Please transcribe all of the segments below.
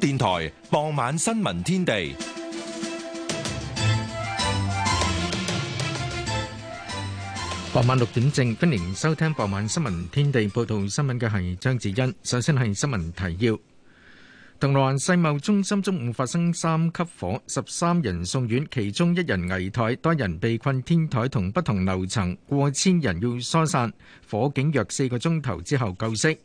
電台傍晚新聞天地，傍晚六點正，歡迎收聽傍晚新聞天地報道新聞嘅係張子欣。首先係新聞提要：銅鑼灣世貿中心中午發生三級火，十三人送院，其中一人危殆，多人被困天台同不同樓層，過千人要疏散，火警約四個鐘頭之後救熄。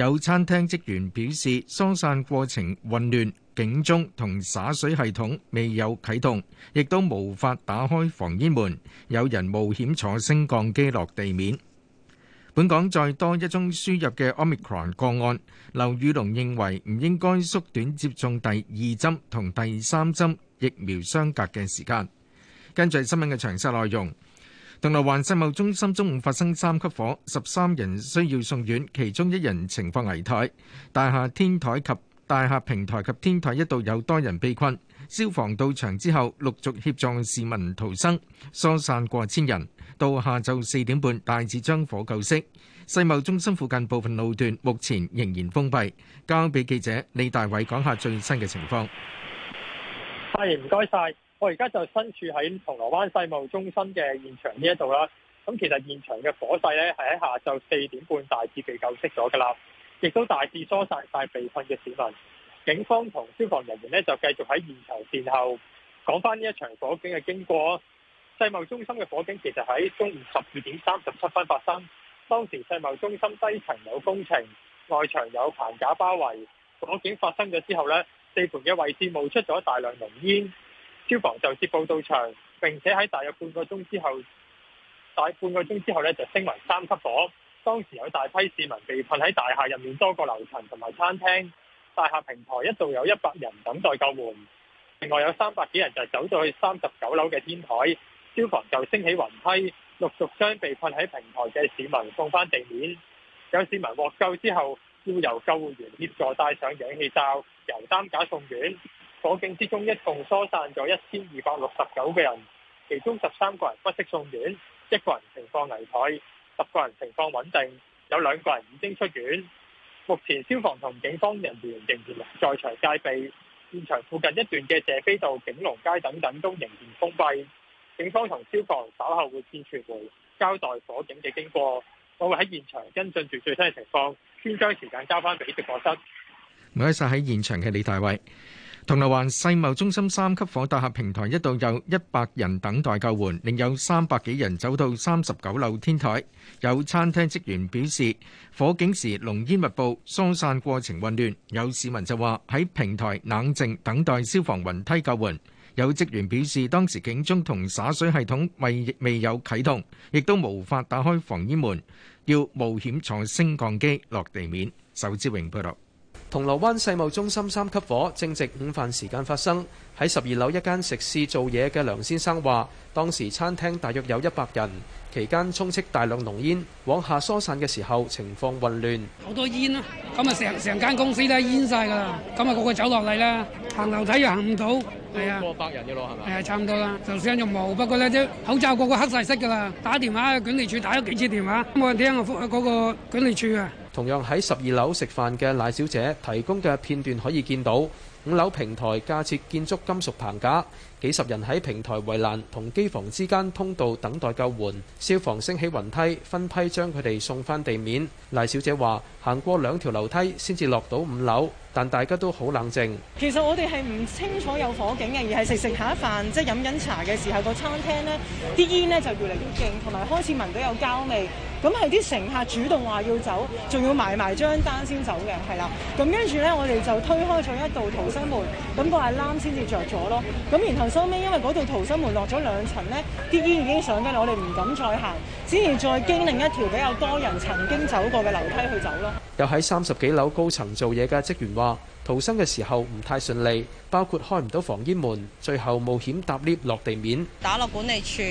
有餐廳職員表示疏散過程混亂，警鐘同灑水系統未有啟動，亦都無法打開防煙門。有人冒險坐升降機落地面。本港再多一宗輸入嘅 Omicron 個案。劉宇龍認為唔應該縮短接種第二針同第三針疫苗相隔嘅時間。跟住新聞嘅詳細內容。銅鑼灣世貿中心中午發生三級火，十三人需要送院，其中一人情況危殆。大廈天台及大廈平台及天台一度有多人被困，消防到場之後陸續協助市民逃生，疏散過千人。到下晝四點半大致將火救熄。世貿中心附近部分路段目前仍然封閉。交俾記者李大偉講下最新嘅情況。係，唔該晒。謝謝我而家就身處喺銅鑼灣世貿中心嘅現場呢一度啦，咁其實現場嘅火勢咧係喺下晝四點半大致被救熄咗㗎喇，亦都大致疏散晒被困嘅市民。警方同消防人員呢，就繼續喺現場善後。講返呢一場火警嘅經過，世貿中心嘅火警其實喺中午十二點三十七分發生。當時世貿中心低層有工程，外牆有棚架包圍。火警發生咗之後呢，地盤嘅位置冒出咗大量濃煙。消防就接報到場，並且喺大約半個鐘之後，大半個鐘之後呢就升為三級火。當時有大批市民被困喺大廈入面多個樓層同埋餐廳大廈平台，一度有一百人等待救援，另外有三百幾人就走咗去三十九樓嘅天台。消防就升起雲梯，陸續將被困喺平台嘅市民送返地面。有市民獲救之後，要由救護員協助戴上氧氣罩，由擔架送院。火警之中，一共疏散咗一千二百六十九個人，其中十三個人不適送院，一個人情況危殆，十個人情況穩定，有兩個人已經出院。目前消防同警方人員仍然在場戒備，現場附近一段嘅謝斐道、景龍街等等都仍然封閉，警方同消防稍後會見傳媒交代火警嘅經過，我會喺現場跟進住最新嘅情況，先將時間交翻俾直播室。唔該晒，喺現場嘅李大偉。銅鑼灣世貿中心三級火，大廈平台一度有一百人等待救援，另有三百幾人走到三十九樓天台。有餐廳職員表示，火警時濃煙密佈，疏散過程混亂。有市民就話喺平台冷靜等待消防雲梯救援。有職員表示，當時警鐘同灑水系統未未有啟動，亦都無法打開防煙門，要冒險坐升降機落地面。仇志榮報道。銅鑼灣世貿中心三級火，正值午飯時間發生。喺十二樓一間食肆做嘢嘅梁先生話，當時餐廳大約有一百人，期間充斥大量濃煙，往下疏散嘅時候情況混亂。好多煙啊！咁啊，成成間公司都係煙晒㗎啦。咁啊，個個走落嚟啦，行樓梯又行唔到。係、嗯、啊，過百人嘅咯，係咪？係啊，差唔多啦，就傷用毛。不過咧，啲口罩個個黑晒色㗎啦。打電話，管理處打咗幾次電話，冇人聽啊，嗰個管理處啊。同樣喺十二樓食飯嘅賴小姐提供嘅片段可以見到，五樓平台架設建築金屬棚架，幾十人喺平台圍欄同機房之間通道等待救援，消防升起雲梯，分批將佢哋送返地面。賴小姐話：行過兩條樓梯先至落到五樓。但大家都好冷靜。其實我哋係唔清楚有火警嘅，而係食食下一飯即係飲飲茶嘅時候，個餐廳呢啲煙呢就越嚟越勁，同埋開始聞到有膠味。咁係啲乘客主動話要走，仲要埋埋張單先走嘅，係啦。咁跟住呢，我哋就推開咗一道逃生門，咁個係籃先至着咗咯。咁然後收尾因為嗰度逃生門落咗兩層呢啲煙已經上緊嚟，我哋唔敢再行，只係再經另一條比較多人曾經走過嘅樓梯去走咯。又喺三十幾樓高層做嘢嘅職員。話逃生嘅時候唔太順利，包括開唔到防煙門，最後冒險搭 lift 落地面。打落管理處，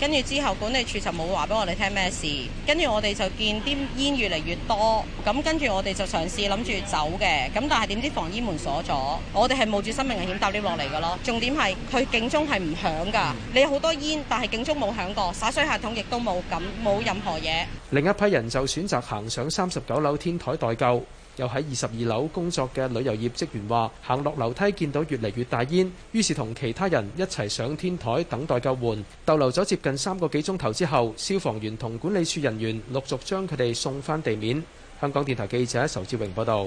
跟住之後管理處就冇話俾我哋聽咩事，跟住我哋就見啲煙越嚟越多，咁跟住我哋就嘗試諗住走嘅，咁但係點知防煙門鎖咗，我哋係冒住生命危險搭 lift 落嚟噶咯。重點係佢警鐘係唔響噶，你有好多煙，但係警鐘冇響過，灑水系統亦都冇，咁冇任何嘢。另一批人就選擇行上三十九樓天台待救。又喺二十二樓工作嘅旅遊業職員話：行落樓梯見到越嚟越大煙，於是同其他人一齊上天台等待救援。逗留咗接近三個幾鐘頭之後，消防員同管理處人員陸續將佢哋送返地面。香港電台記者仇志榮報道。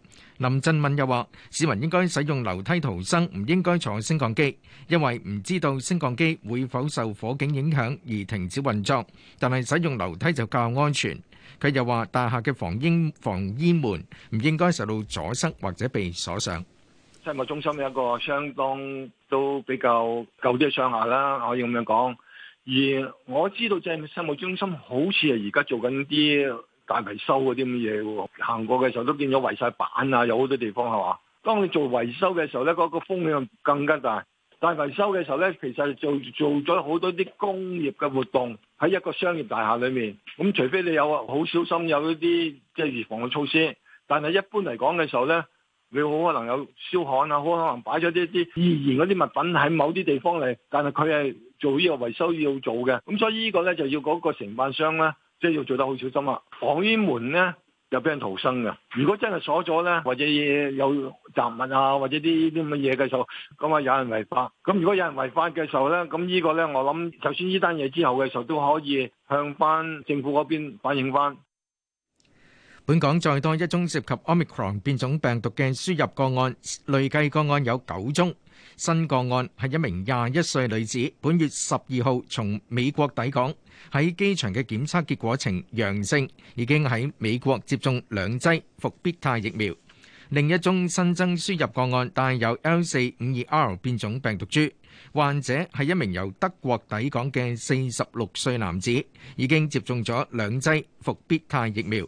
林振敏又話：市民應該使用樓梯逃生，唔應該坐升降機，因為唔知道升降機會否受火警影響而停止運作。但係使用樓梯就較安全。佢又話：大廈嘅防煙防煙門唔應該受到阻塞或者被鎖上。世貿中心有一個相當都比較舊啲嘅商廈啦，可以咁樣講。而我知道即係世貿中心好似係而家做緊啲。大維修嗰啲咁嘢喎，行過嘅時候都見咗圍晒板啊，有好多地方係嘛。當你做維修嘅時候呢，嗰個風險更加大。大維修嘅時候呢，其實做做咗好多啲工業嘅活動喺一個商業大廈裏面。咁除非你有好小心，有一啲即係預防嘅措施。但係一般嚟講嘅時候呢，你好可能有燒焊啊，好可能擺咗啲啲易燃嗰啲物品喺某啲地方嚟。但係佢係做呢個維修要做嘅。咁所以呢個呢，就要嗰個承辦商呢。即係要做得好小心啊！防煙門呢，又俾人逃生㗎。如果真係鎖咗咧，或者有雜物啊，或者啲啲乜嘢嘅時候，咁啊有人違法。咁如果有人違法嘅時候咧，咁呢個咧我諗，就算呢單嘢之後嘅時候都可以向翻政府嗰邊反映翻。本港再多一宗涉及 Omicron 變種病毒嘅輸入個案，累計個案有九宗。新個案係一名廿一歲女子，本月十二號從美國抵港。喺機場嘅檢測結果呈陽性，已經喺美國接種兩劑復必泰疫苗。另一宗新增輸入個案帶有 L 四五二 R 變種病毒株，患者係一名由德國抵港嘅四十六歲男子，已經接種咗兩劑復必泰疫苗。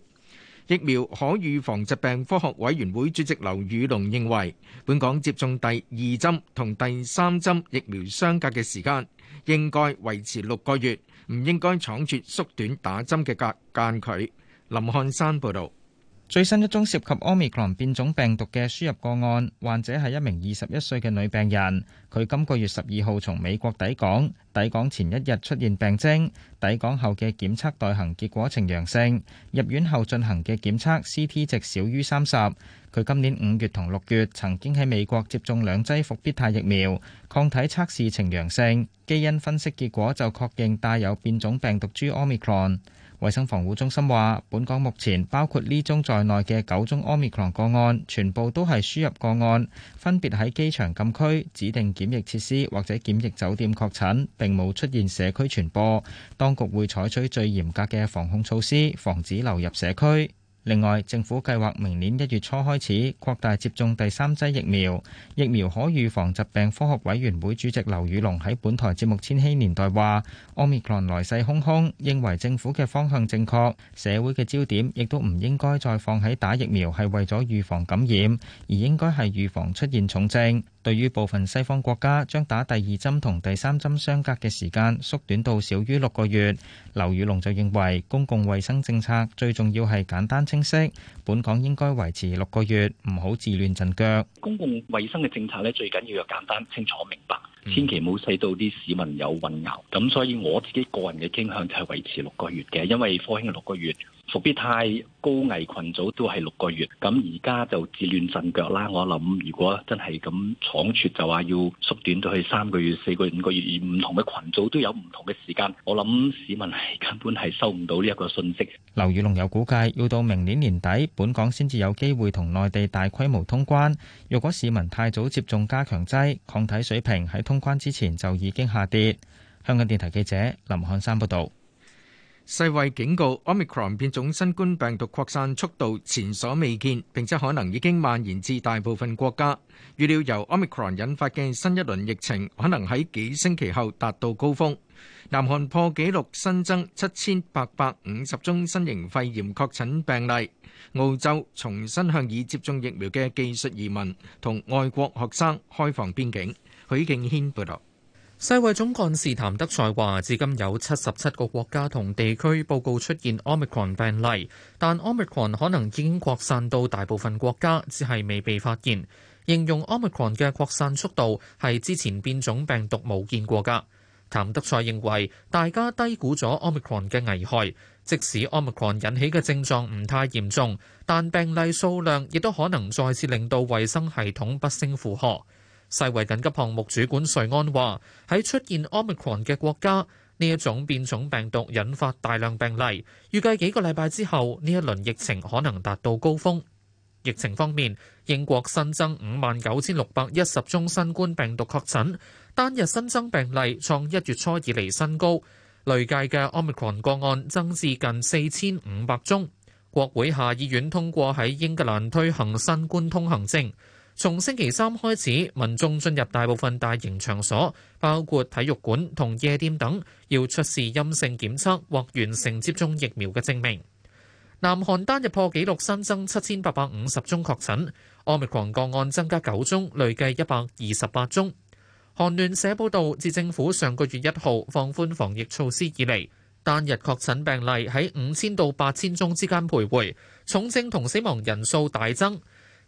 疫苗可預防疾病科學委員會主席劉宇龍認為，本港接種第二針同第三針疫苗相隔嘅時間應該維持六個月。唔應該倉卒縮短打針嘅間距。林漢山報導。最新一宗涉及 omicron 變種病毒嘅輸入個案，患者係一名二十一歲嘅女病人。佢今個月十二號從美國抵港，抵港前一日出現病徵，抵港後嘅檢測代行結果呈陽性。入院後進行嘅檢測 CT 值少於三十。佢今年五月同六月曾經喺美國接種兩劑復必泰疫苗，抗體測試呈陽性，基因分析結果就確認帶有變種病毒株 omicron。衛生防護中心話，本港目前包括呢宗在內嘅九宗 Omicron 個案，全部都係輸入個案，分別喺機場禁區、指定檢疫設施或者檢疫酒店確診，並冇出現社區傳播。當局會採取最嚴格嘅防控措施，防止流入社區。另外，政府計劃明年一月初開始擴大接種第三劑疫苗。疫苗可預防疾病科學委員會主席劉宇龍喺本台節目《千禧年代》話：奧密克戎來勢洶洶，認為政府嘅方向正確，社會嘅焦點亦都唔應該再放喺打疫苗係為咗預防感染，而應該係預防出現重症。對於部分西方國家將打第二針同第三針相隔嘅時間縮短到少於六個月，劉宇龍就認為公共衛生政策最重要係簡單。清晰，本港應該維持六個月，唔好自亂陣腳。公共衛生嘅政策呢，最緊要又簡單、清楚、明白，嗯、千祈唔好使到啲市民有混淆。咁所以我自己個人嘅傾向就係維持六個月嘅，因為科興六個月。復必泰高危群組都係六個月，咁而家就自亂陣腳啦。我諗如果真係咁倉促，就話要縮短咗去三個月、四個月、五個月，而唔同嘅群組都有唔同嘅時間。我諗市民係根本係收唔到呢一個信息。劉宇龍有估計，要到明年年底，本港先至有機會同內地大規模通關。若果市民太早接種加強劑，抗體水平喺通關之前就已經下跌。香港電台記者林漢山報道。世衛警告，omicron 變種新冠病毒擴散速度前所未見，並且可能已經蔓延至大部分國家。預料由 omicron 引發嘅新一輪疫情，可能喺幾星期後達到高峰。南韓破紀錄新增七千八百五十宗新型肺炎確診病例。澳洲重新向已接種疫苗嘅技術移民同外國學生開放邊境。許敬軒報道。世衛總幹事譚德賽話，至今有七十七個國家同地區報告出現 Omicron 病例，但 Omicron 可能已經擴散到大部分國家，只係未被發現。形容 Omicron 嘅擴散速度係之前變種病毒冇見過㗎。譚德賽認為大家低估咗 Omicron 嘅危害，即使 Omicron 引起嘅症狀唔太嚴重，但病例數量亦都可能再次令到衛生系統不勝負荷。世衛緊急項目主管瑞安話：喺出現 omicron 嘅國家，呢一種變種病毒引發大量病例，預計幾個禮拜之後呢一輪疫情可能達到高峰。疫情方面，英國新增五萬九千六百一十宗新冠病毒確診，單日新增病例創一月初以嚟新高，累計嘅 omicron 個案增至近四千五百宗。國會下議院通過喺英格蘭推行新冠通行證。從星期三開始，民眾進入大部分大型場所，包括體育館同夜店等，要出示陰性檢測或完成接種疫苗嘅證明。南韓單日破紀錄新增七千八百五十宗確診，Omicron 個案增加九宗，累計一百二十八宗。韓聯社報導，自政府上個月一號放寬防疫措施以嚟，單日確診病例喺五千到八千宗之間徘徊，重症同死亡人數大增。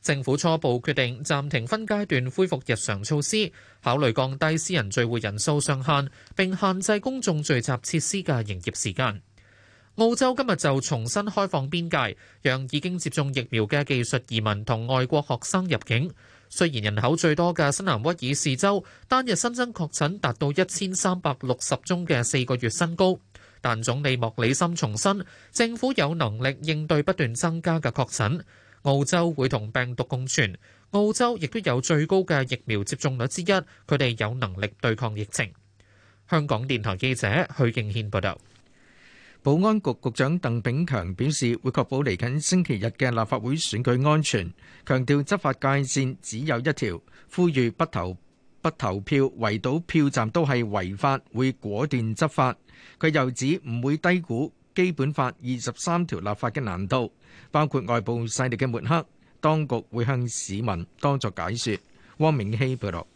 政府初步決定暫停分階段恢復日常措施，考慮降低私人聚會人數上限，並限制公眾聚集設施嘅營業時間。澳洲今日就重新開放邊界，讓已經接種疫苗嘅技術移民同外國學生入境。雖然人口最多嘅新南威爾士州單日新增確診達到一千三百六十宗嘅四個月新高，但總理莫里森重申，政府有能力應對不斷增加嘅確診。澳洲會同病毒共存，澳洲亦都有最高嘅疫苗接種率之一，佢哋有能力對抗疫情。香港電台記者許敬軒報導，保安局局長鄧炳強表示，會確保嚟緊星期日嘅立法會選舉安全，強調執法界線只有一條，呼籲不投，不投票，圍堵票站都係違法，會果斷執法。佢又指唔會低估。基本法二十三條立法嘅難度，包括外部勢力嘅抹黑，當局會向市民當作解說，汪明熙報道。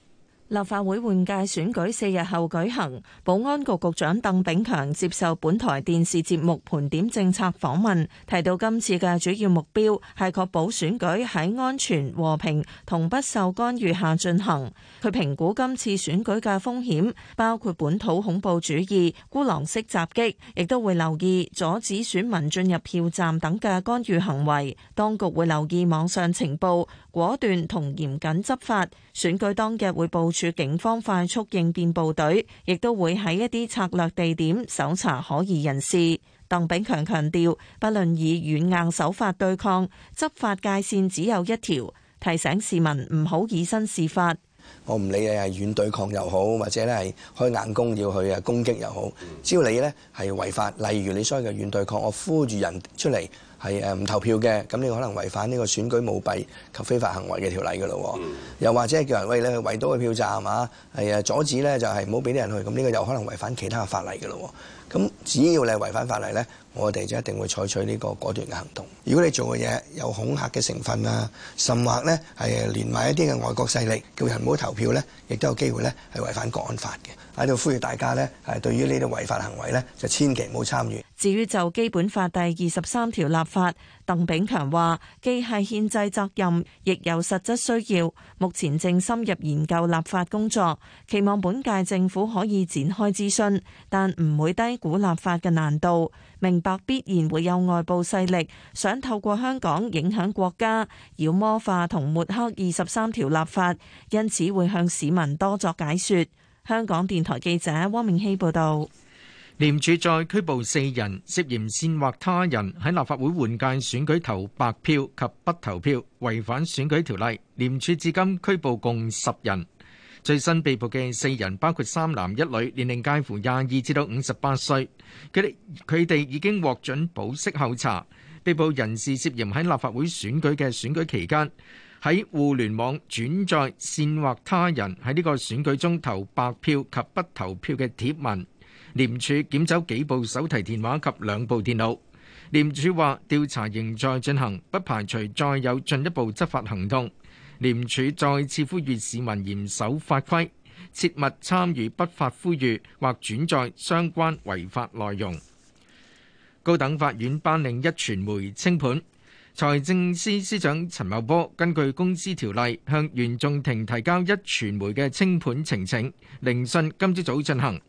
立法會換屆選舉四日後舉行，保安局局長鄧炳強接受本台電視節目盤點政策訪問，提到今次嘅主要目標係確保選舉喺安全、和平同不受干預下進行。佢評估今次選舉嘅風險包括本土恐怖主義、孤狼式襲擊，亦都會留意阻止選民進入票站等嘅干預行為。當局會留意網上情報。果斷同嚴謹執法，選舉當日會部署警方快速應變部隊，亦都會喺一啲策略地點搜查可疑人士。鄧炳強強調，不論以軟硬手法對抗，執法界線只有一條，提醒市民唔好以身試法。我唔理你係軟對抗又好，或者咧係開硬攻，要去啊攻擊又好，只要你咧係違法，例如你所謂嘅軟對抗，我呼住人出嚟，係誒唔投票嘅，咁你可能違反呢個選舉舞弊及非法行為嘅條例嘅咯。又或者係叫人喂，你去圍堵個票站嘛？係啊，阻止咧就係唔好俾啲人去，咁呢個又可能違反其他法例嘅咯。咁只要你係違反法例呢，我哋就一定會採取呢個果斷嘅行動。如果你做嘅嘢有恐嚇嘅成分啊，甚或呢係連埋一啲嘅外國勢力，叫人唔好投票呢，亦都有機會呢係違反國安法嘅。喺度呼籲大家呢，係對於呢啲違法行為呢，就千祈唔好參與。至於就《基本法》第二十三條立法。鄧炳強話：既係憲制責任，亦有實質需要。目前正深入研究立法工作，期望本屆政府可以展開諮詢，但唔會低估立法嘅難度。明白必然會有外部勢力想透過香港影響國家，妖魔化同抹黑二十三條立法，因此會向市民多作解説。香港電台記者汪明熙報道。廉署再拘捕四人，涉嫌煽惑他人喺立法會換屆選舉投白票及不投票，違反選舉條例。廉署至今拘捕共十人，最新被捕嘅四人包括三男一女，年齡介乎廿二至到五十八歲。佢哋佢哋已經獲准保釋候查。被捕人士涉嫌喺立法會選舉嘅選舉期間喺互聯網轉載煽惑他人喺呢個選舉中投白票及不投票嘅帖文。廉署檢走幾部手提電話及兩部電腦。廉署話調查仍在進行，不排除再有進一步執法行動。廉署再次呼籲市民嚴守法規，切勿參與不法呼籲或轉載相關違法內容。高等法院頒令一傳媒清盤。財政司司長陳茂波根據公司條例向原訟庭提交一傳媒嘅清盤呈請，聆訊今朝早進行。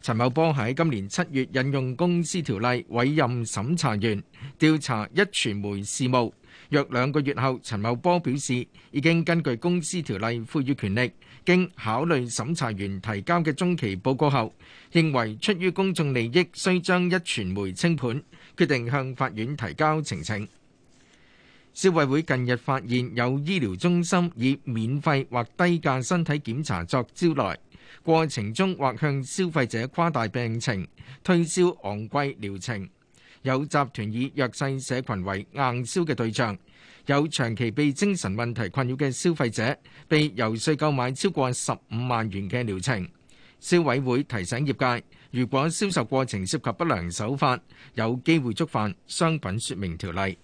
陳茂波喺今年七月引用公司條例委任審查員調查一傳媒事務，約兩個月後，陳茂波表示已經根據公司條例賦予權力，經考慮審查員提交嘅中期報告後，認為出於公眾利益，需將一傳媒清盤，決定向法院提交呈請。消委會近日發現有醫療中心以免費或低價身體檢查作招徠。過程中或向消費者誇大病情，推銷昂貴療程，有集團以弱勢社群為硬銷嘅對象，有長期被精神問題困擾嘅消費者被遊說購買超過十五萬元嘅療程。消委會提醒業界，如果銷售過程涉及不良手法，有機會觸犯商品說明條例。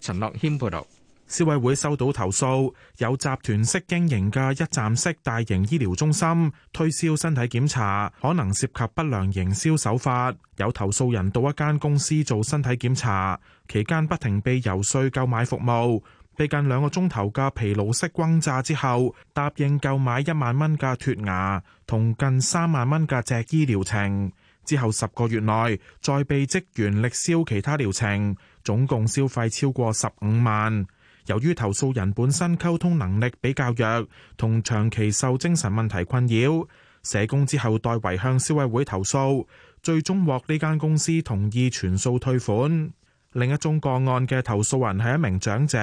陳樂軒報道。消委會收到投訴，有集團式經營嘅一站式大型醫療中心推銷身體檢查，可能涉及不良營銷手法。有投訴人到一間公司做身體檢查期間，不停被遊說購買服務，被近兩個鐘頭嘅疲勞式轟炸之後，答應購買一萬蚊嘅脫牙同近三萬蚊嘅脊醫療程。之後十個月內再被職員力銷其他療程，總共消費超過十五萬。由於投訴人本身溝通能力比較弱，同長期受精神問題困擾，社工之後代為向消委會投訴，最終獲呢間公司同意全數退款。另一宗個案嘅投訴人係一名長者，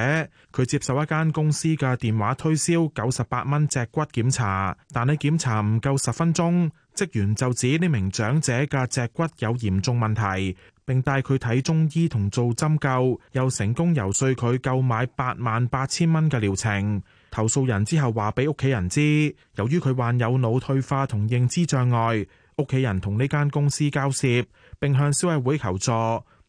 佢接受一間公司嘅電話推銷九十八蚊脊骨檢查，但係檢查唔夠十分鐘，職員就指呢名長者嘅脊骨有嚴重問題。並帶佢睇中醫同做針灸，又成功游說佢購買八萬八千蚊嘅療程。投訴人之後話俾屋企人知，由於佢患有腦退化同認知障礙，屋企人同呢間公司交涉，並向消委會求助。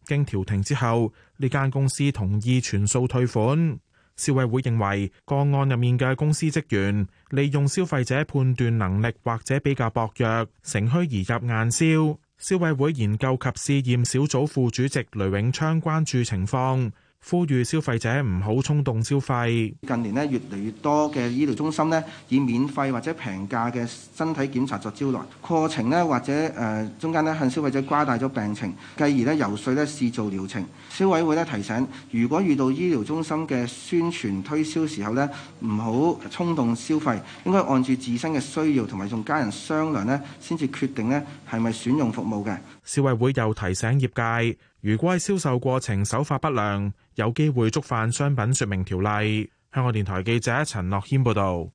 經調停之後，呢間公司同意全數退款。消委會認為個案入面嘅公司職員利用消費者判斷能力或者比較薄弱，乘虛而入，夾硬銷。消委會研究及試驗小組副主席雷永昌關注情況。呼籲消費者唔好衝動消費。近年咧，越嚟越多嘅醫療中心咧，以免費或者平價嘅身體檢查作招徠，過程咧，或者誒中間咧，向消費者誇大咗病情，繼而咧，遊說咧，試做療程。消委會咧提醒，如果遇到醫療中心嘅宣傳推銷時候咧，唔好衝動消費，應該按住自身嘅需要同埋同家人商量咧，先至決定咧係咪選用服務嘅。消委會又提醒業界，如果喺銷售過程手法不良。有機會觸犯商品説明條例。香港電台記者陳樂軒報導。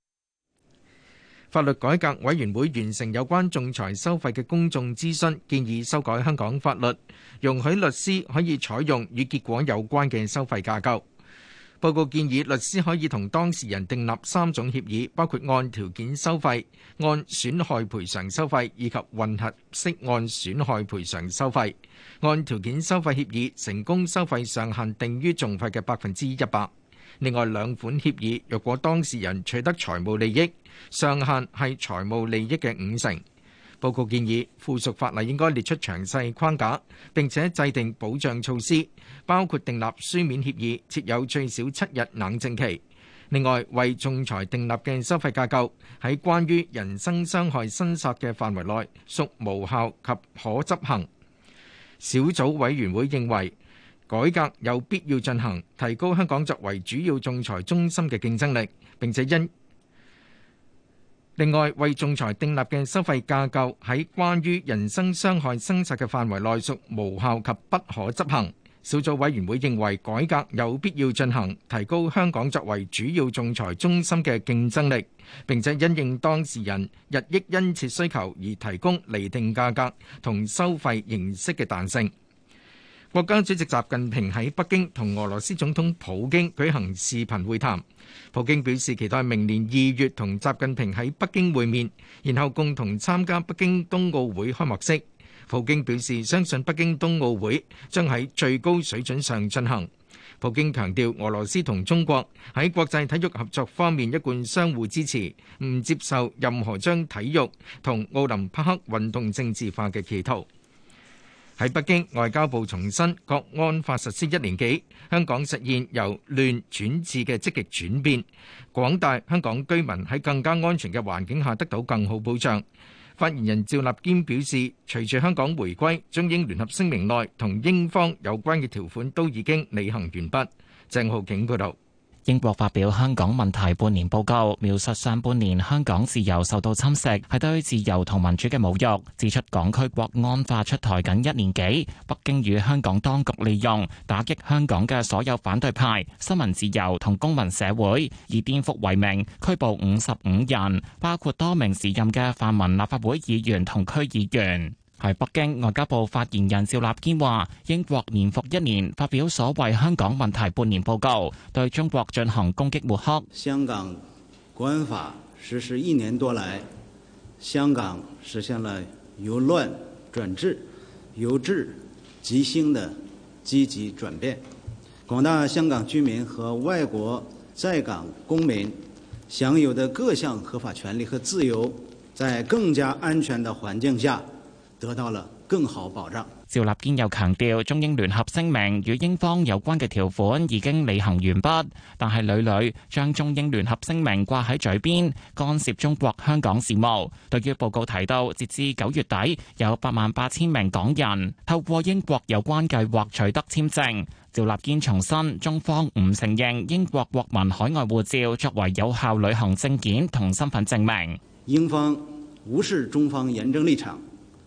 法律改革委員會完成有關仲裁收費嘅公眾諮詢，建議修改香港法律，容許律師可以採用與結果有關嘅收費架構。報告建議律師可以同當事人訂立三種協議，包括按條件收費、按損害賠償收費以及混合式按損害賠償收費。按條件收費協議成功收費上限定於訟費嘅百分之一百。另外兩款協議，若果當事人取得財務利益，上限係財務利益嘅五成。報告建議附屬法例應該列出詳細框架，並且制定保障措施，包括訂立書面協議，設有最少七日冷靜期。另外，為仲裁訂立嘅收費架構喺關於人身傷害申索嘅範圍內屬無效及可執行。小組委員會認為改革有必要進行，提高香港作為主要仲裁中心嘅競爭力，並且因。另外，為仲裁訂立嘅收費架構喺關於人身傷害爭執嘅範圍內屬無效及不可執行。小組委員會認為改革有必要進行，提高香港作為主要仲裁中心嘅競爭力，並且因應當事人日益殷切需求而提供釐定價格同收費形式嘅彈性。國家主席習近平喺北京同俄羅斯總統普京舉行視頻會談。普京表示期待明年二月同習近平喺北京會面，然後共同參加北京冬奧會開幕式。普京表示相信北京冬奧會將喺最高水準上進行。普京強調俄羅斯同中國喺國際體育合作方面一貫相互支持，唔接受任何將體育同奧林匹克運動政治化嘅企圖。喺北京，外交部重申國安法實施一年幾，香港實現由亂轉治嘅積極轉變，廣大香港居民喺更加安全嘅環境下得到更好保障。發言人趙立堅表示，隨住香港回歸，中英聯合聲明內同英方有關嘅條款都已經履行完畢。鄭浩景報道。英國發表香港問題半年報告，描述上半年香港自由受到侵蝕，係對自由同民主嘅侮辱。指出港區國安法出台僅一年幾，北京與香港當局利用打擊香港嘅所有反對派，新聞自由同公民社會，以顛覆為名拘捕五十五人，包括多名時任嘅泛民立法會議員同區議員。喺北京，外交部發言人趙立堅話，英國年復一年發表所謂香港問題半年報告，對中國進行攻擊抹黑。香港《國安法》實施一年多來，香港實現了由亂轉治、由治及興的積極轉變，廣大香港居民和外國在港公民享有的各項合法權利和自由，在更加安全的環境下。得到了更好保障。趙立堅又強調，中英聯合聲明與英方有關嘅條款已經履行完畢，但係屢屢將中英聯合聲明掛喺嘴邊，干涉中國香港事務。對於報告提到，截至九月底，有八萬八千名港人透過英國有關計劃取得簽證。趙立堅重申，中方唔承認英國國民海外護照作為有效旅行證件同身份證明。英方無視中方嚴正立場。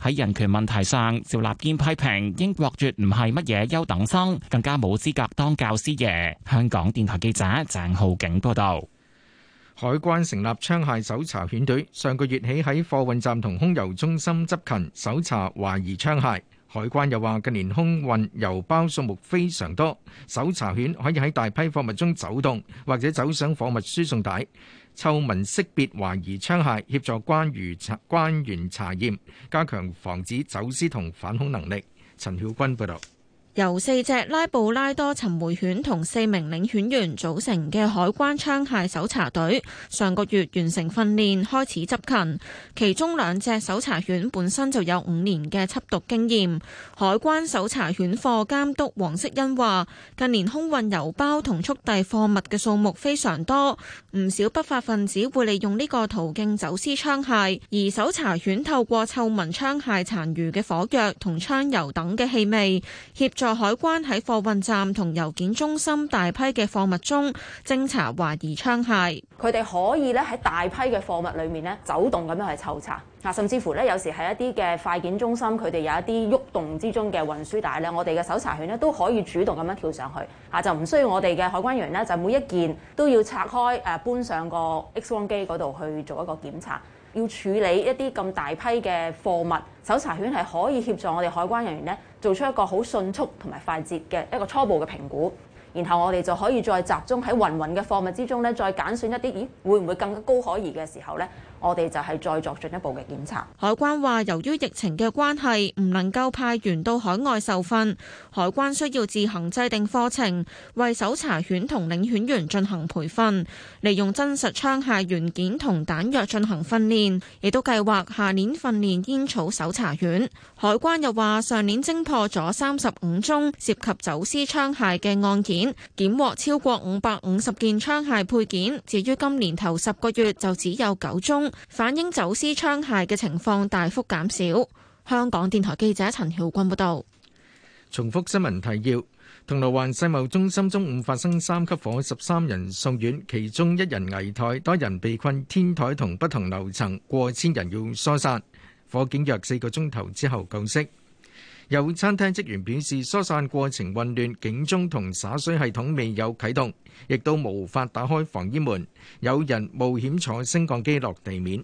喺人權問題上，趙立堅批評英國絕唔係乜嘢優等生，更加冇資格當教師爺。香港電台記者鄭浩景報道。海關成立槍械搜查犬隊，上個月起喺貨運站同空郵中心執勤搜查懷疑槍械。海關又話近年空運郵包數目非常多，搜查犬可以喺大批貨物中走動，或者走上貨物輸送帶。臭文識別懷疑槍械，協助關閘關員查驗，加強防止走私同反恐能力。陳曉君報導。由四隻拉布拉多尋回犬同四名領犬員組成嘅海關槍械搜查隊，上個月完成訓練，開始執勤。其中兩隻搜查犬本身就有五年嘅緝毒經驗。海關搜查犬課監督黃色恩話，近年空運郵包同速遞貨物嘅數目非常多，唔少不法分子會利用呢個途徑走私槍械，而搜查犬透過嗅聞槍械殘餘嘅火藥同槍油等嘅氣味協助。海關喺貨運站同郵件中心大批嘅貨物中，偵查懷疑槍械。佢哋可以咧喺大批嘅貨物裏面咧走動咁樣去抽查。啊，甚至乎咧有時喺一啲嘅快件中心，佢哋有一啲喐動之中嘅運輸帶咧，我哋嘅搜查犬咧都可以主動咁樣跳上去。啊，就唔需要我哋嘅海關人員咧，就每一件都要拆開誒搬上個 X 光機嗰度去做一個檢查。要處理一啲咁大批嘅貨物，搜查犬係可以協助我哋海關人員咧，做出一個好迅速同埋快捷嘅一個初步嘅評估。然後我哋就可以再集中喺芸芸嘅貨物之中呢，再揀選一啲，咦，會唔會更加高可疑嘅時候呢，我哋就係再作進一步嘅檢查。海關話，由於疫情嘅關係，唔能夠派員到海外受訓，海關需要自行制定課程，為搜查犬同領犬員進行培訓，利用真實槍械元件同彈藥進行訓練，亦都計劃下年訓練煙草搜查犬。海關又話，上年偵破咗三十五宗涉及走私槍械嘅案件。檢獲超過五百五十件槍械配件，至於今年頭十個月就只有九宗，反映走私槍械嘅情況大幅減少。香港電台記者陳曉君報道。重複新聞提要：銅鑼灣世貿中心中午發生三級火，十三人送院，其中一人危殆，多人被困天台同不同樓層，過千人要疏散，火警約四個鐘頭之後救熄。有餐廳職員表示疏散過程混亂，警鐘同灑水系統未有啟動，亦都無法打開防煙門。有人冒險坐升降機落地面。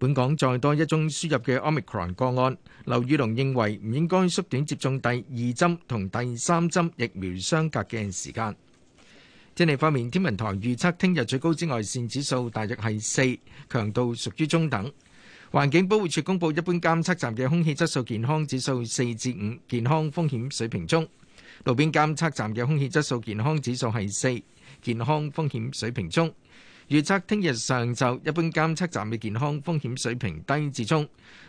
本港再多一宗輸入嘅 Omicron 個案。劉宇龍認為唔應該縮短接種第二針同第三針疫苗相隔嘅時間。天氣方面，天文台預測聽日最高紫外線指數大約係四，強度屬於中等。環境保護署公布，一般監測站嘅空氣質素健康指數四至五，5，健康風險水平中；路邊監測站嘅空氣質素健康指數係四，健康風險水平中。預測聽日上晝，一般監測站嘅健康風險水平低至中；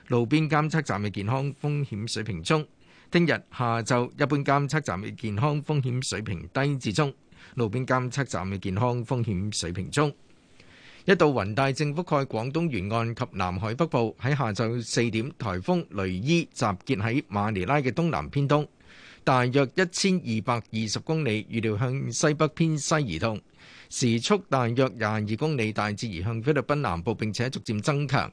路邊監測站嘅健康風險水平中。聽日下晝，一般監測站嘅健康風險水平低至中；路邊監測站嘅健康風險水平中。一道雲帶正覆蓋廣東沿岸及南海北部。喺下晝四點，颱風雷伊集結喺馬尼拉嘅東南偏東，大約一千二百二十公里，預料向西北偏西移動，時速大約廿二公里，大致移向菲律賓南部並且逐漸增強。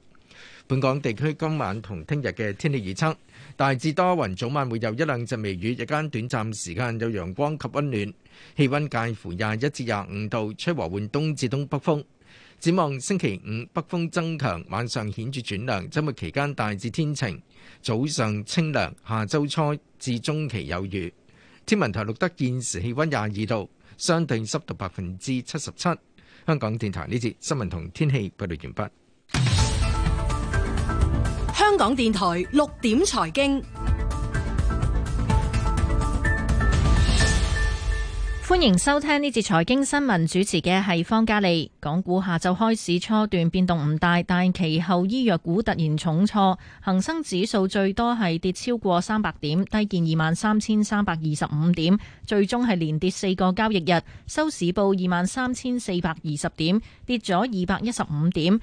本港地區今晚同聽日嘅天氣預測大致多雲，早晚會有一兩陣微雨，日間短暫時間有陽光及溫暖，氣温介乎廿一至廿五度，吹和緩東至東北風。展望星期五北風增強，晚上顯著轉涼，周末期間大致天晴，早上清涼，下周初至中期有雨。天文台錄得現時氣溫廿二度，相對濕度百分之七十七。香港電台呢節新聞同天氣報道完畢。香港電台六點財經。歡迎收聽呢節財經新聞，主持嘅係方嘉利。港股下晝開市初段變動唔大，但其後醫藥股突然重挫，恒生指數最多係跌超過三百點，低見二萬三千三百二十五點，最終係連跌四個交易日，收市報二萬三千四百二十點，跌咗二百一十五點。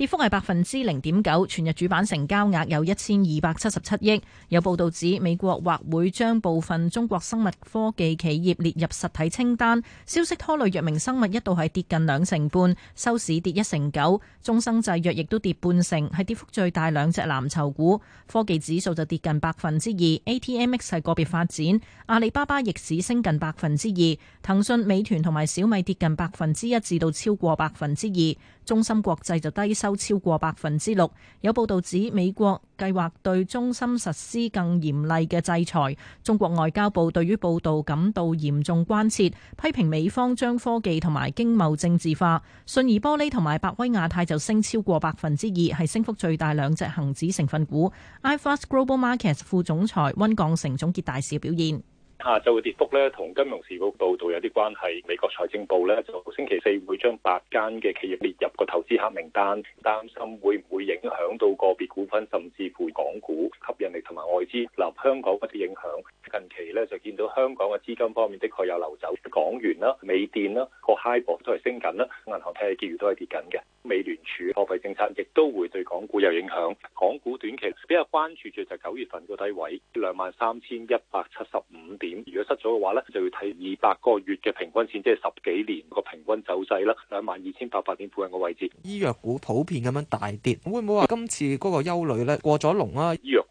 跌幅係百分之零點九，全日主板成交額有一千二百七十七億。有報道指美國或會將部分中國生物科技企業列入實體清單，消息拖累藥明生物一度係跌近兩成半，收市跌一成九。中生製藥亦都跌半成，係跌幅最大兩隻藍籌股。科技指數就跌近百分之二，ATMX 係個別發展，阿里巴巴亦只升近百分之二，騰訊、美團同埋小米跌近百分之一至到超過百分之二。中芯國際就低收超過百分之六，有報道指美國計劃對中芯實施更嚴厲嘅制裁。中國外交部對於報道感到嚴重關切，批評美方將科技同埋經貿政治化。信義玻璃同埋百威亞太就升超過百分之二，係升幅最大兩隻恒指成分股。iFast Global Markets 副總裁溫鋼成總結大市表現。下晝嘅跌幅咧，同金融時報報道有啲關係。美國財政部咧就星期四會將八間嘅企業列入個投資黑名單，擔心會唔會影響到個別股份，甚至乎港股吸引力同埋外資。嗱，香港有啲影響。近期咧就見到香港嘅資金方面，的確有流走，港元啦、美電啦、個 HIBOR 都係升緊啦，銀行體系結餘都係跌緊嘅。美聯儲貨幣政策亦都會對港股有影響。港股短期比較關注住就九月份個低位，兩萬三千一百七十五點。如果失咗嘅話，咧，就要睇二百個月嘅平均線，即係十幾年個平均走勢啦，兩萬二千八百點附近個位置。醫藥股普遍咁樣大跌，會唔會話今次嗰個憂慮咧過咗龍啊？醫藥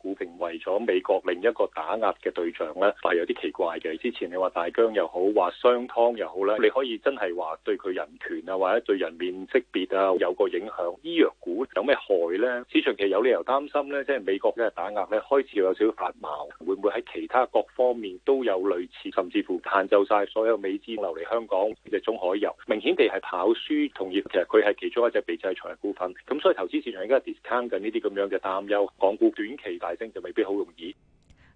嚟咗美國另一個打壓嘅對象咧，係有啲奇怪嘅。之前你話大疆又好，話商湯又好咧，你可以真係話對佢人權啊，或者對人面識別啊，有個影響。醫藥股有咩害呢？市場其實有理由擔心咧，即係美國嘅打壓咧，開始有少少發毛，會唔會喺其他各方面都有類似，甚至乎限就晒所有美資流嚟香港呢隻中海油？明顯地係跑輸同業嘅，佢係其中一隻被制裁嘅股份。咁所以投資市場應該 discount 緊呢啲咁樣嘅擔憂，港股短期大升就未。好容易。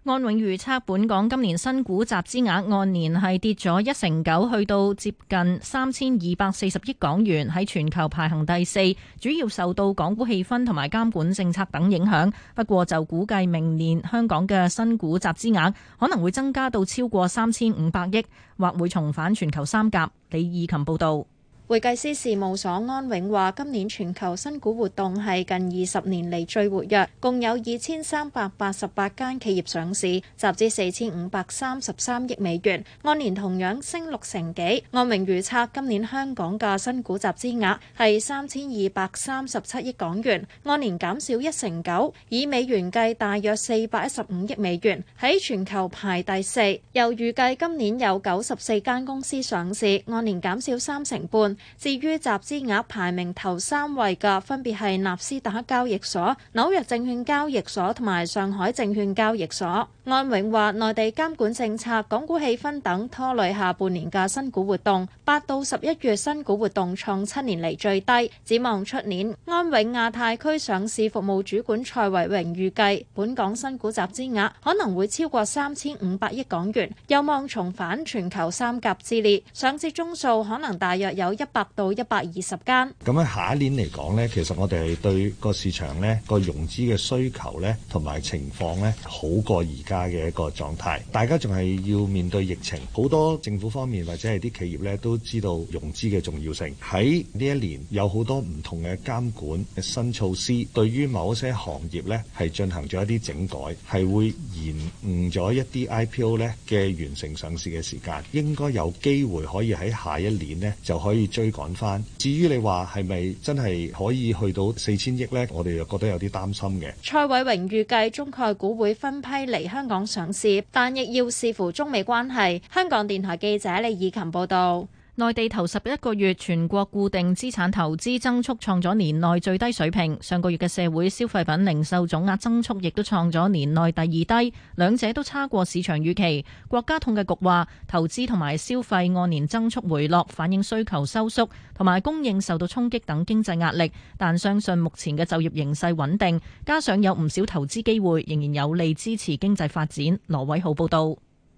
安永預測，本港今年新股集資額按年係跌咗一成九，去到接近三千二百四十億港元，喺全球排行第四。主要受到港股氣氛同埋監管政策等影響。不過就估計明年香港嘅新股集資額可能會增加到超過三千五百億，或會重返全球三甲。李義琴報道。.會計師事務所安永話：今年全球新股活動係近二十年嚟最活躍，共有二千三百八十八間企業上市，集資四千五百三十三億美元，按年同樣升六成幾。安永預測今年香港嘅新股集資額係三千二百三十七億港元，按年減少一成九，以美元計大約四百一十五億美元，喺全球排第四。又預計今年有九十四間公司上市，按年減少三成半。至於集資額排名頭三位嘅，分別係納斯達克交易所、紐約證券交易所同埋上海證券交易所。安永話內地監管政策、港股氣氛等拖累下半年嘅新股活動，八到十一月新股活動創七年嚟最低。展望出年，安永亞太區上市服務主管蔡偉榮預計，本港新股集資額可能會超過三千五百億港元，有望重返全球三甲之列，上市宗數可能大約有一。一百到一百二十間。咁喺、嗯、下一年嚟講咧，其實我哋對個市場咧個融資嘅需求咧同埋情況咧，好過而家嘅一個狀態。大家仲係要面對疫情，好多政府方面或者係啲企業咧，都知道融資嘅重要性。喺呢一年有好多唔同嘅監管嘅新措施，對於某一些行業咧係進行咗一啲整改，係會延誤咗一啲 IPO 咧嘅完成上市嘅時間。應該有機會可以喺下一年咧就可以。追趕翻。至於你話係咪真係可以去到四千億呢？我哋又覺得有啲擔心嘅。蔡偉榮預計中概股會分批嚟香港上市，但亦要視乎中美關係。香港電台記者李以琴報道。內地頭十一個月，全國固定資產投資增速創咗年內最低水平。上個月嘅社會消費品零售總額增速亦都創咗年內第二低，兩者都差過市場預期。國家統計局話，投資同埋消費按年增速回落，反映需求收縮同埋供應受到衝擊等經濟壓力。但相信目前嘅就業形勢穩定，加上有唔少投資機會，仍然有利支持經濟發展。羅偉浩報道。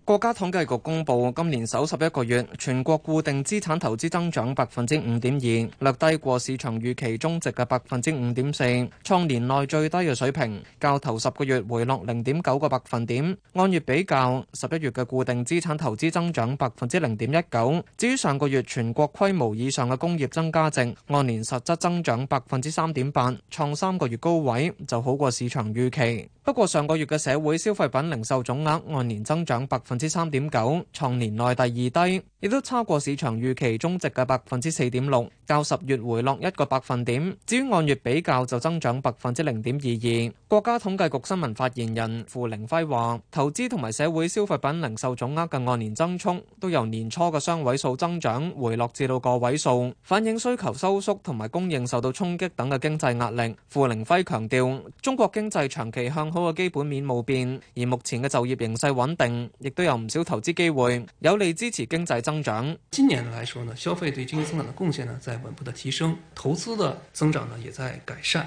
國家統計局公布今年首十一個月全國固定資產投資增長百分之五點二，略低過市場預期中值嘅百分之五點四，創年內最低嘅水平，較頭十個月回落零點九個百分點。按月比較，十一月嘅固定資產投資增長百分之零點一九，至於上個月全國規模以上嘅工業增加值，按年實質增長百分之三點八，創三個月高位，就好過市場預期。不過上個月嘅社會消費品零售總額按年增長百分之三點九，創年內第二低，亦都超過市場預期中值嘅百分之四點六，較十月回落一個百分點。至於按月比較就增長百分之零點二二。國家統計局新聞發言人付凌暉話，投資同埋社會消費品零售總額嘅按年增速都由年初嘅雙位數增長回落至到個位數，反映需求收縮同埋供應受到衝擊等嘅經濟壓力。付凌暉強調，中國經濟長期向好個基本面冇變，而目前嘅就業形勢穩定，亦都有唔少投資機會，有利支持經濟增長。今年來說呢，消費對經濟增長嘅貢獻呢，在穩步的提升，投資的增長呢，也在改善。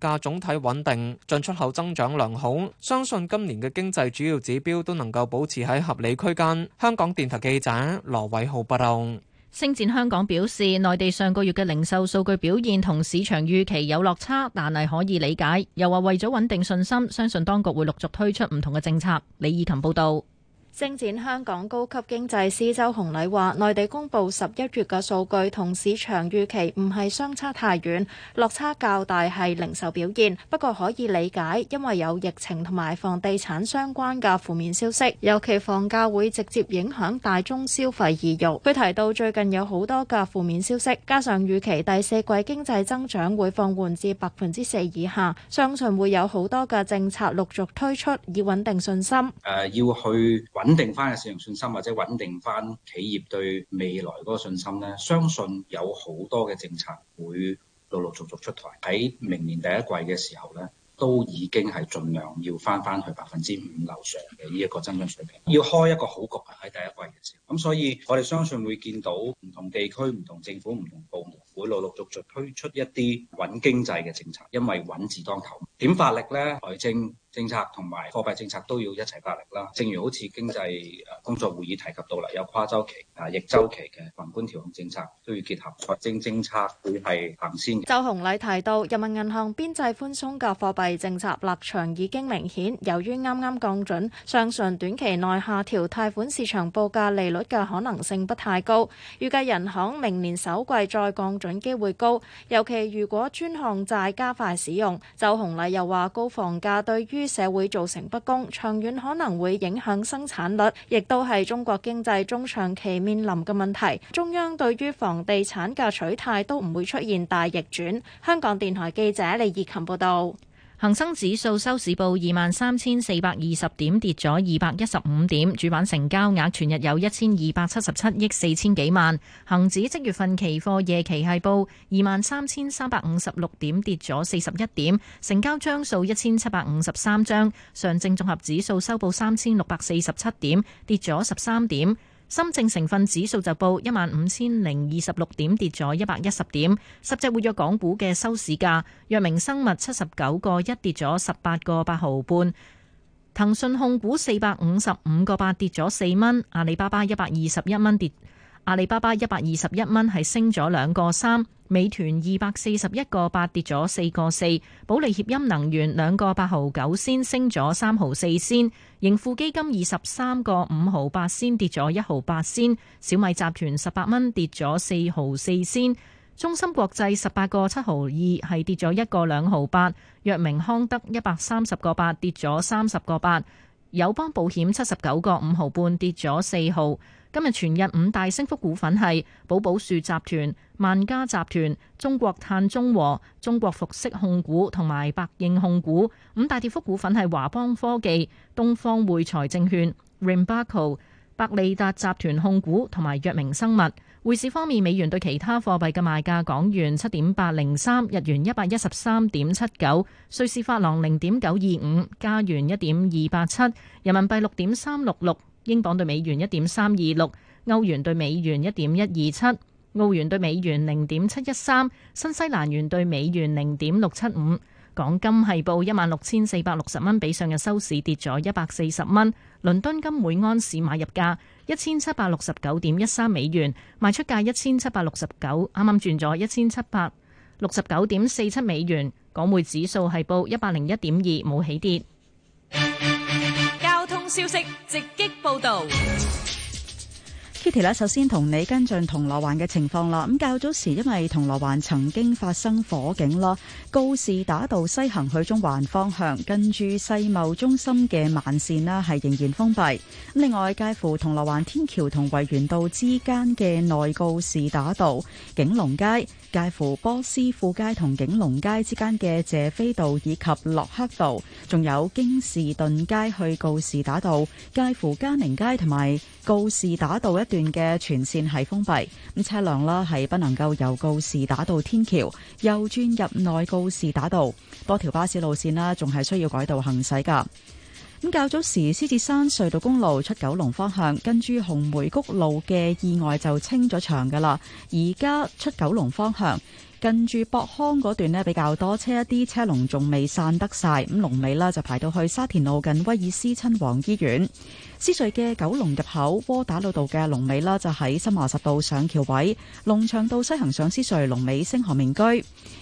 價總體穩定，進出口增長良好，相信今年嘅經濟主要指標都能夠保持喺合理區間。香港電台記者羅偉浩報道。星展香港表示，內地上個月嘅零售數據表現同市場預期有落差，但係可以理解。又話為咗穩定信心，相信當局會陸續推出唔同嘅政策。李義琴報道。星展香港高級經濟師周洪禮話，內地公布十一月嘅數據同市場預期唔係相差太遠，落差較大係零售表現，不過可以理解，因為有疫情同埋房地產相關嘅負面消息，尤其房價會直接影響大宗消費意欲。佢提到最近有好多嘅負面消息，加上預期第四季經濟增長會放緩至百分之四以下，相信會有好多嘅政策陸續推出，以穩定信心。呃，要去穩定翻嘅市場信心，或者穩定翻企業對未來嗰個信心咧，相信有好多嘅政策會陸陸續續出台喺明年第一季嘅時候咧，都已經係盡量要翻翻去百分之五樓上嘅呢一個增長水平。要開一個好局喺第一季嘅時候，咁所以我哋相信會見到唔同地區、唔同政府、唔同部門會陸陸續續推出一啲穩經濟嘅政策，因為穩字當頭。點發力呢？財政政策同埋貨幣政策都要一齊發力啦。正如好似經濟工作會議提及到啦，有跨週期啊逆週期嘅宏觀調控政策都要結合財政政策，會係行先嘅。周紅麗提到，人民銀行邊際寬鬆嘅貨幣政策立場已經明顯。由於啱啱降準，相信短期內下調貸款市場報價利率嘅可能性不太高。預計人行明年首季再降準機會高，尤其如果專項債加快使用。周紅麗又話：高房價對於對社會造成不公，長遠可能會影響生產率，亦都係中國經濟中長期面臨嘅問題。中央對於房地產嘅取態都唔會出現大逆轉。香港電台記者李怡琴報道。恆生指數收市報二萬三千四百二十點，跌咗二百一十五點。主板成交額全日有一千二百七十七億四千幾萬。恆指即月份期貨夜期係報二萬三千三百五十六點，跌咗四十一點，成交張數一千七百五十三張。上證綜合指數收報三千六百四十七點，跌咗十三點。深證成分指數就報一萬五千零二十六點，跌咗一百一十點。十隻活躍港股嘅收市價，藥明生物七十九個一跌咗十八個八毫半，騰訊控股四百五十五個八跌咗四蚊，阿里巴巴一百二十一蚊跌。阿里巴巴一百二十一蚊係升咗兩個三，美團二百四十一個八跌咗四個四，保利協鑫能源兩個八毫九先升咗三毫四先，盈富基金二十三個五毫八先跌咗一毫八先，小米集團十八蚊跌咗四毫四先，中芯國際十八個七毫二係跌咗一個兩毫八，藥明康德一百三十個八跌咗三十個八，友邦保險七十九個五毫半跌咗四毫。今日全日五大升幅股份係寶寶樹集團、萬家集團、中國碳中和、中國服飾控股同埋百應控股。五大跌幅股份係華邦科技、東方匯財證券、RimbaCo、百利達集團控股同埋藥明生物。匯市方面，美元對其他貨幣嘅賣價：港元七點八零三，日元一百一十三點七九，瑞士法郎零點九二五，加元一點二八七，人民幣六點三六六。英鎊兌美元一點三二六，歐元兌美元一點一二七，澳元兌美元零點七一三，新西蘭元兌美元零點六七五。港金係報一萬六千四百六十蚊，比上日收市跌咗一百四十蚊。倫敦金每安士買入價一千七百六十九點一三美元，賣出價一千七百六十九，啱啱轉咗一千七百六十九點四七美元。港匯指數係報一百零一點二，冇起跌。消息直擊報導。Kitty 咧，Katie，首先同你跟進銅鑼灣嘅情況啦。咁較早時，因為銅鑼灣曾經發生火警啦，告士打道西行去中環方向，近住世貿中心嘅慢線啦，係仍然封閉。另外，介乎銅鑼灣天橋同維園道之間嘅內告士打道、景隆街，介乎波斯富街同景隆街之間嘅謝斐道以及洛克道，仲有京士頓街去告士打道，介乎加寧街同埋告士打道一段嘅全線係封閉，咁車輛啦係不能夠由告士打道天橋右轉入內告士打道，多條巴士路線啦仲係需要改道行駛噶。咁較早時獅子山隧道公路出九龍方向，跟住紅梅谷路嘅意外就清咗場噶啦，而家出九龍方向，近住博康嗰段咧比較多車一啲，車龍仲未散得晒，咁龍尾啦就排到去沙田路近威爾斯親王醫院。獅隧嘅九龍入口窩打老道嘅龍尾啦，就喺深華十道上橋位；龍翔道西行上獅隧龍尾星河名居。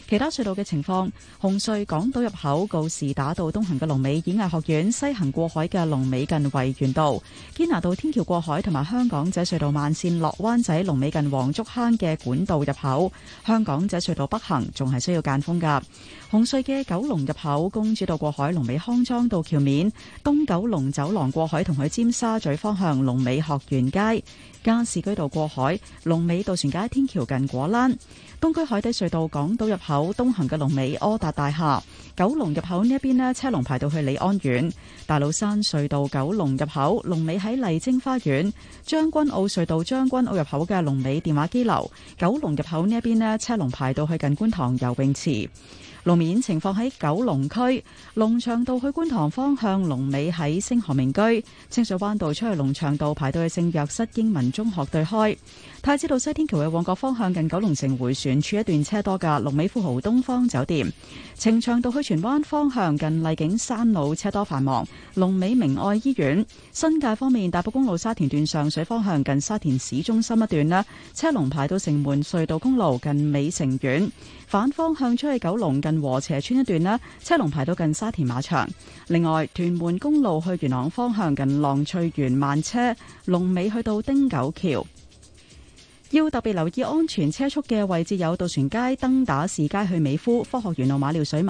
其他隧道嘅情況：紅隧港島入口告士打道東行嘅龍尾演藝學院，西行過海嘅龍尾近維園道；堅拿道天橋過海同埋香港仔隧道慢線落灣仔龍尾近黃竹坑嘅管道入口；香港仔隧道北行仲係需要間封噶。紅隧嘅九龍入口、公主道過海、龍尾康莊道橋面、東九龍走廊過海，同去尖沙咀方向龍尾學園街、加士居道過海、龍尾渡船街天橋近果欄、東區海底隧道港島入口東行嘅龍尾柯達大廈、九龍入口一邊呢一邊咧車龍排到去李安苑、大老山隧道九龍入口龍尾喺麗晶花園、將軍澳隧道將軍澳入口嘅龍尾電話機樓、九龍入口一邊呢一邊咧車龍排到去近觀塘游泳池。路面情況喺九龍區龍翔道去觀塘方向，龍尾喺星河名居；清水灣道出去龍翔道排到去聖若瑟英文中學對開。太子道西天橋嘅旺角方向近九龍城迴旋處一段車多㗎，龍尾富豪東方酒店。呈祥道去荃灣方向近麗景山路車多繁忙，龍尾明愛醫院。新界方面，大埔公路沙田段上水方向近沙田市中心一段啦，車龍排到城門隧道公路近美城苑。反方向出去九龍近禾輋村一段啦，車龍排到近沙田馬場。另外，屯門公路去元朗方向近浪翠園慢車龍尾去到汀九橋，要特別留意安全車速嘅位置有渡船街、登打士街去美孚、科學園路馬料水。